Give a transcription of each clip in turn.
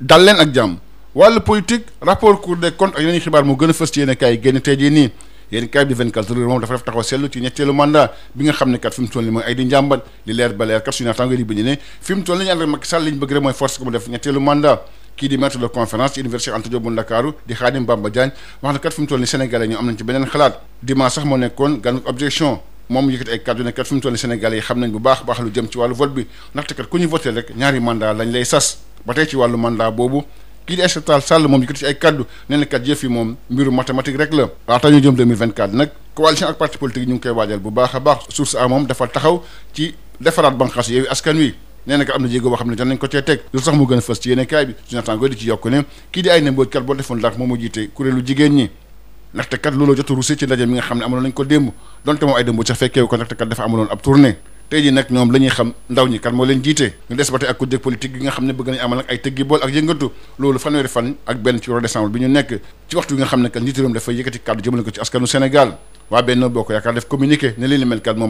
dal leen ak jàmm wàllu politique rapport cour des comptes ak yeneen xibaar moo gën a fës ci yéen kaay génn tey jii nii yéen kaay di 24 heures moom dafa def taxaw seetlu ci ñetteelu mandat bi nga xam ne kat fi mu toll nii mooy ay di njàmbat li leer ba leer kat suñu naataango yi di bind ne fi mu toll nii ñu ànd ak Macky Sall li ñu bëgg rek mooy force ko mu def ñetteelu mandat kii di maître de conférence ci université Anta Diop bu Ndakaaru di Khadim Bamba Diagne moom yëkkati ay kàddu ne kat Sénégal yi xam nañ bu baax baax lu jëm ci wàllu vote bi ndaxte kat ku ñu voté rek ñaari mandat lañ lay sas ba tey ci wàllu mandat boobu kii di Aïssata Tall Sall moom yëkkati ci ay kàddu nee na kat yëf yi moom mbiru mathématique rek la a a moom dafa taxaw ci defaraat banqaas yooyu askan wi nee na am na jéego boo xam ne jan nañ ko cee teg loolu sax mu gën a fës ci yéene kaay bi suñu naataangoo di ci yokk ne kii di ay ne mbooj kat boo defoon dara moom mu jiite kuréelu jigéen ñi ndaxte kat loolu jot a ruusee ci ndaje mi nga xam ne amaloon nañ ko démb donte moom ay démb ca fekkee ko ndaxte kat dafa amaloon ab tournée tey ji nag ñoom la xam ndaw ñi kan moo leen jiite ñu des ba tey ne bëgg nañu amal nag ay tëggi bool ak yëngatu loolu nekk ci waxtu yi nga xam ne kat njiitu réew mi dafay yëkkati kàddu jëmale ko ci askanu Sénégal waa Benno Bokk Yaakaar def communiqué ne li ni mel kat li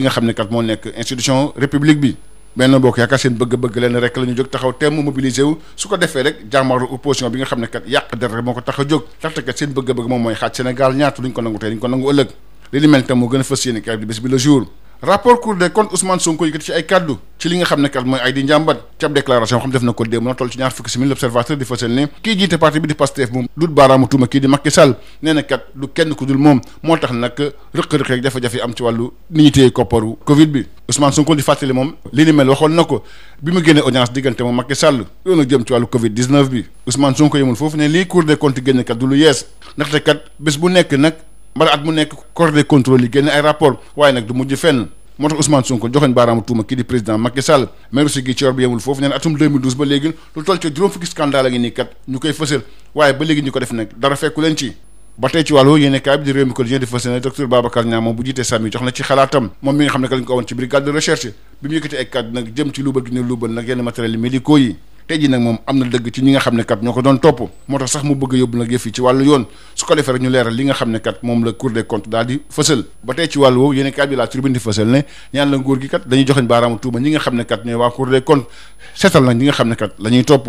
nga xam ne kat moo nekk institution république bi benn bokk yaakaar seen bëgg-bëgg leen rek la jóg taxaw temm mobilisé wu su ko defee rek jàmmaaru opposition bi nga xam ne kat yàq der rek moo ko tax a jóg ndaxte kat seen bëgg-bëgg moom mooy xaaj Sénégal ñaata duñ ko nangu tey duñ ko nangu ëllëg li ni mel tam moo gën a fës yéene kay bi bés bi le jour rapport cour des comptes Ousmane Sonko yëkkati ci ay kaddu ci li nga xam ne kat mooy ay di njàmbat ci ab déclaration xam def na ko démb na toll ci ñaar fukki simili l'observateur di fasal ne kii jiite parti bi di Pastef moom dut na kat moo tax nag rëq-rëq rek jafe-jafe am ci wàllu ni ñu téye kopparu Covid bi Ousmane Sonko di fàttali moom li ni mel waxoon na ko bi mu génnee audience diggante moom Macky Sall loolu nag jëm ci wàllu Covid bi Ousmane Sonko yemul mbala at mu nekk corps de contrôle yi génne ay rapport waaye nag du mujj fenn moo tax Ousmane Sonko joxoñ baaraamu tuuma kii di président Macky Sall maire si gi coor bi yemul foofu nee atum ba léegi lu toll ci juróom fukki scandale a ngi nii kat ñu koy fësal waaye ba léegi ñu ko def nag dara fekku leen ci ba tey ci wàllu yéene kaay bi di réew mi quotidien di fësal ne docteur Babacar Niang moom bu jiitee sàmm jox na ci xalaatam moom mi nga xam ne ko tey jii nag moom am na dëgg ci ñi nga xam ne kat ñoo ko doon topp moo tax sax mu bëgg a yóbbu nag yëf yi ci wàllu yoon su ko defee rek ñu leeral li nga xam ne kat moom la cour des comptes daal di fësal ba tey ci wàllu woowu yéen kat bi la tribune di ne ñaan la nguur gi kat dañuy joxeñ baaraamu tuuma ñi nga xam ne kat ñooy waa cour des comptes seetal nag ñi nga xam ne kat la ñuy topp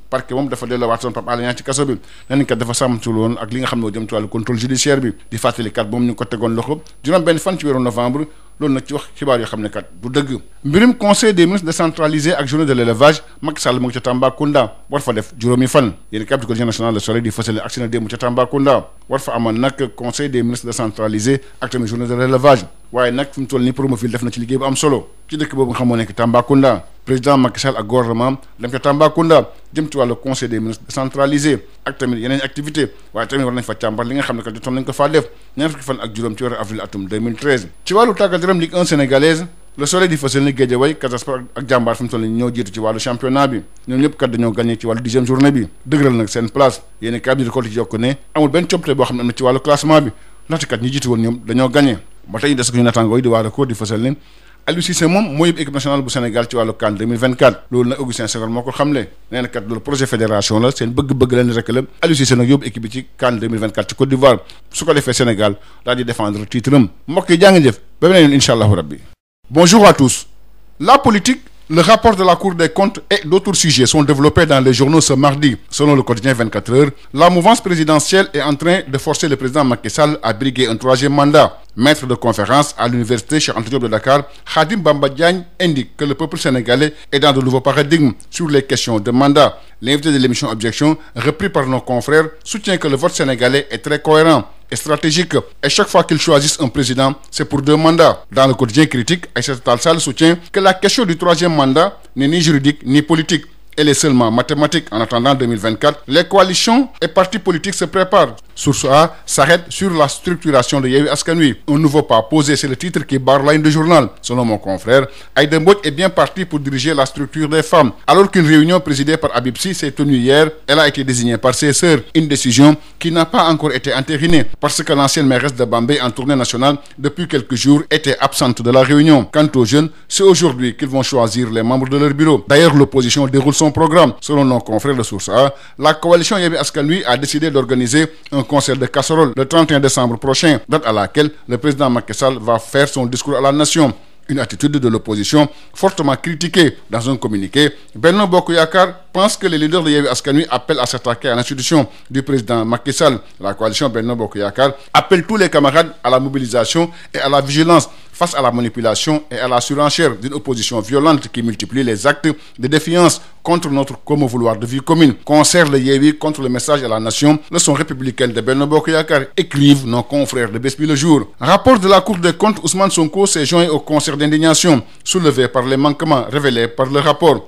parquet moom dafa delloowaat soon Pape Alé Niang ci kaso bi nañ kat dafa sàmmtul woon ak li nga xam ne jëm ci wàllu contrôle judiciaire bi di fàttali kat moom ñu ko tegoon loxo juróom benn fan ci weeru novembre loolu nag ci wax xibaar yoo xam ne kat du dëgg mbirum conseil des ministres décentralisé ak journée de l'élevage Macky Sall mu ngi ca Tambacounda war fa def juróomi fan yéen kab di quotidien national Le Soleil di fësale aksi na démb ca Tambacounda war fa amal nag conseil des ministres décentralisé ak tamit journée de l'élevage waaye fi mu toll nii Promoville def na ci liggéey bu am solo ci dëkk boobu nga xam moo nekk Tambacounda président Macky ak gouvernement dem ca Tambacounda jëm conseil des ministres décentralisé ak tamit yeneen activité nga xam ne que jotoon nañ ko faa def ñaar fukki le soleil di fësal ni Guédiawaye Casa Sport ak jàmbaar fi mu toll ñoo jiitu ci wàllu championnat bi ñoom ñëpp kat dañoo gagné ci wàllu dixième journée bi dëgëral nag seen place yéen i cabine de collecte yokku ne amul benn coppite boo xam ne am na kat ñi jiitu woon ñoom dañoo gagné ba tey des ko ñu naataangoo yi di waa record di fësal ne Aliou Cissé moom moo yëpp équipe nationale bu Sénégal ci wàllu CAN 2024 loolu nag Augustin Senghor moo ko xamle nee na kat loolu projet fédération la seen bëgg-bëgg leen bi Bonjour à tous. politique, le rapport de la Cour des comptes et d'autres sujets sont développés dans les journaux ce mardi. Selon le quotidien 24 heures, la mouvance présidentielle est en train à briguer un troisième mandat. Maître de conférence à l'université Cheikh Anta Diop de Dakar, Khadim Bamba Diagne indique que le peuple sénégalais est dans de nouveaux paradigmes sur les questions de mandat. L'invité de et stratégique. Et chaque fois qu'ils choisissent un président, c'est pour deux mandats. Dans le quotidien critique, Aïssata Talsal soutient que la question du troisième mandat n'est ni juridique ni politique. elle est seulement mathématique en attendant 2024 les coalitions et partis politiques se préparent Source A s'arrête sur la structuration de Yewwi Askan Wi un nouveau pas posé c'est le titre qui barre la du journal selon mon confrère Aïda Mbodj est bien partie pour diriger la structure des femmes alors qu'une réunion présidée par Habib s'est tenue hier elle a été désignée par ses sœurs une décision qui n'a pas encore été entérinée parce que l'ancienne mairesse de Bambey en tournée nationale depuis quelques son programme selon nos confrères de Source A la coalition Yewwi Askan Wi a décidé d'organiser un concert de casseroles le décembre prochain date à laquelle le président Macky va faire son discours à la nation une attitude de l'opposition fortement critiquée dans un communiqué Benno Bokk Yaakaar pense que les leaders de Yewwi Askan Wi appellent à s'attaquer à l'institution du président Macky la coalition Benno Bokk Yaakaar tous les camarades à la face à la manipulation et à la surenchère d'une opposition violente qui multiplie les actes de défiance contre notre comme vouloir de vie commune. Concert le Yewwi contre le message à la nation, le son républicaine de Benno Bokk Yakaar, écrivent nos confrères de Besbi le jour. Rapport de la Cour des comptes, Ousmane Sonko s'est joint au concert d'indignation soulevé par les manquements révélés par le rapport.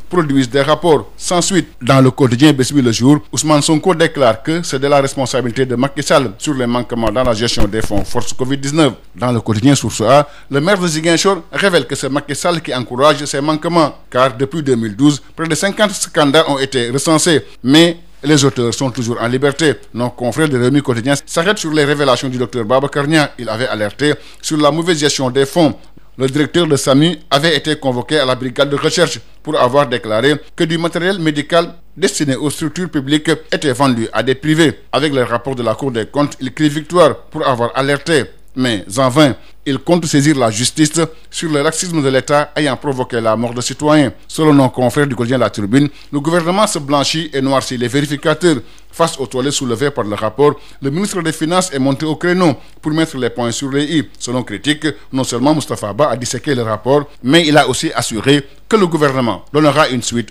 produisent des rapports sans suite. Dans le quotidien Besbi le jour, Ousmane Sonko déclare que c'est de la responsabilité de Macky Sall sur les manquements dans la gestion des fonds force covid Dans le quotidien Source A, le maire de Ziguinchor révèle que c'est Macky qui encourage ces manquements car depuis près de scandales ont été recensés, mais les auteurs sont toujours en liberté. Nos confrères de Rewmi Quotidien s'arrêtent sur les révélations du docteur Babacar Niang. Il des fonds. le directeur de SAMU avait été convoqué à la brigade de recherche pour avoir déclaré que du matériel médical destiné aux structures publiques était vendu à des privés. Avec le rapport de la Cour des comptes, il crie victoire pour avoir alerté mais en vain. Il compte saisir la justice sur le laxisme de l'État ayant provoqué la mort de citoyens. Selon nos confrères du quotidien La Tribune, le gouvernement se blanchit et noircit les vérificateurs. Face aux toilettes soulevées par le rapport, le ministre des Finances est monté au créneau pour mettre les points sur les i. Selon critique, non seulement Moustapha Ba a disséqué le rapport, mais il a aussi assuré que le gouvernement donnera une suite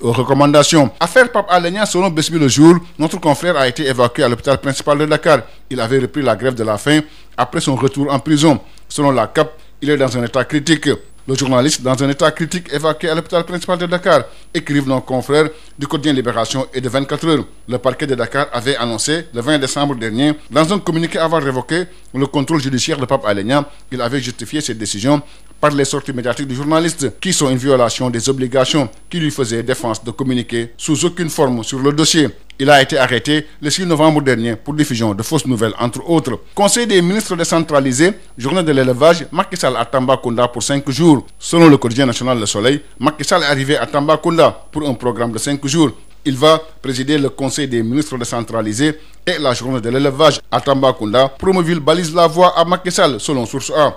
il avait repris la grève de la faim après son retour en prison. Selon la CAP, il est dans un état critique. Le journaliste, dans un état critique, évacué à l'hôpital principal de Dakar, écrivent nos confrères du quotidien Libération et de heures. Le parquet de Dakar avait annoncé le décembre dernier, dans un communiqué avoir révoqué le contrôle judiciaire de Pape Alé il avait justifié cette décision par les sorties médiatiques du journaliste, qui sont une Il a été arrêté le 6 novembre dernier pour diffusion de fausses nouvelles, entre autres. Conseil des ministres décentralisé, journée de l'élevage, Macky Sall à Tambacounda pour 5 jours. Selon le quotidien national Le Soleil, Macky Sall est arrivé à Tambacounda pour un programme de 5 jours. Il va présider le conseil des ministres décentralisé et la journée de l'élevage à Tambacounda. Promoville balise la voie à Macky Sall, selon Source A.